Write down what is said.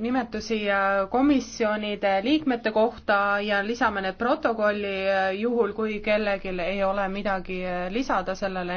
nimetusi äh, komisjonide liikmete kohta ja lisame need protokolli äh, juhul, kui kellelgi ei ole midagi äh, lisada sellele